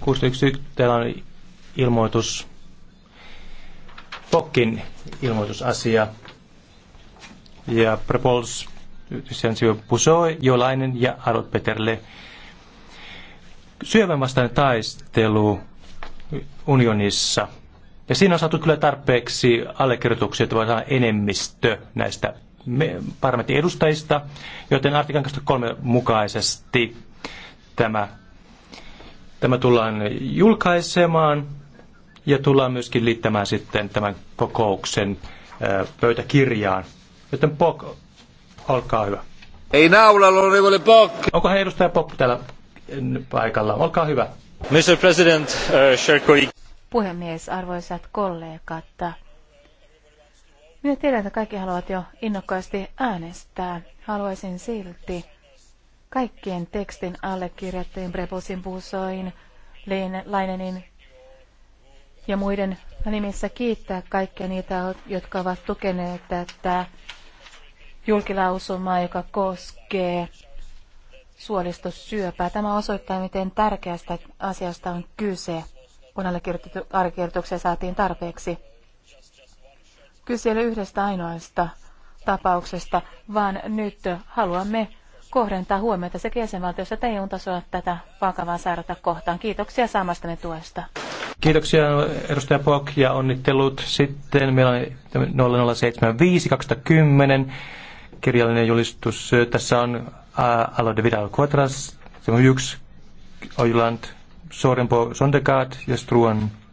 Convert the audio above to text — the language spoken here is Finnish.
00611, täällä on ilmoitus, Fokkin ilmoitusasia. Ja Prepols, Sensio Pusoi, Jolainen ja Arot Peterle. Syövän vastainen taistelu unionissa. Ja siinä on saatu kyllä tarpeeksi allekirjoituksia, että voidaan enemmistö näistä parlamentin edustajista, joten artikan 23 mukaisesti tämä Tämä tullaan julkaisemaan ja tullaan myöskin liittämään sitten tämän kokouksen pöytäkirjaan. Joten Pok, olkaa hyvä. Ei naula, onorevole Pok. Onko hän edustaja Pok täällä paikalla? Olkaa hyvä. Mr. President, uh, Puhemies, arvoisat kollegat. Minä tiedän, että kaikki haluavat jo innokkaasti äänestää. Haluaisin silti Kaikkien tekstin allekirjoittajien Brebosin Busoin, Lainenin ja muiden nimissä kiittää kaikkia niitä, jotka ovat tukeneet tätä julkilausumaa, joka koskee suolistosyöpää. Tämä osoittaa, miten tärkeästä asiasta on kyse, kun allekirjoituksia saatiin tarpeeksi. Kyse ei ole yhdestä ainoasta tapauksesta, vaan nyt haluamme kohdentaa huomiota sekä jäsenvaltiossa että EU-tasolla tätä vakavaa sairautta kohtaan. Kiitoksia saamastanne tuesta. Kiitoksia edustaja Pok ja onnittelut. Sitten meillä on 0075 2010 kirjallinen julistus. Tässä on äh, Alo de Vidal Quadras, yksi Ojuland, Sorenbo Sondegaard ja Struan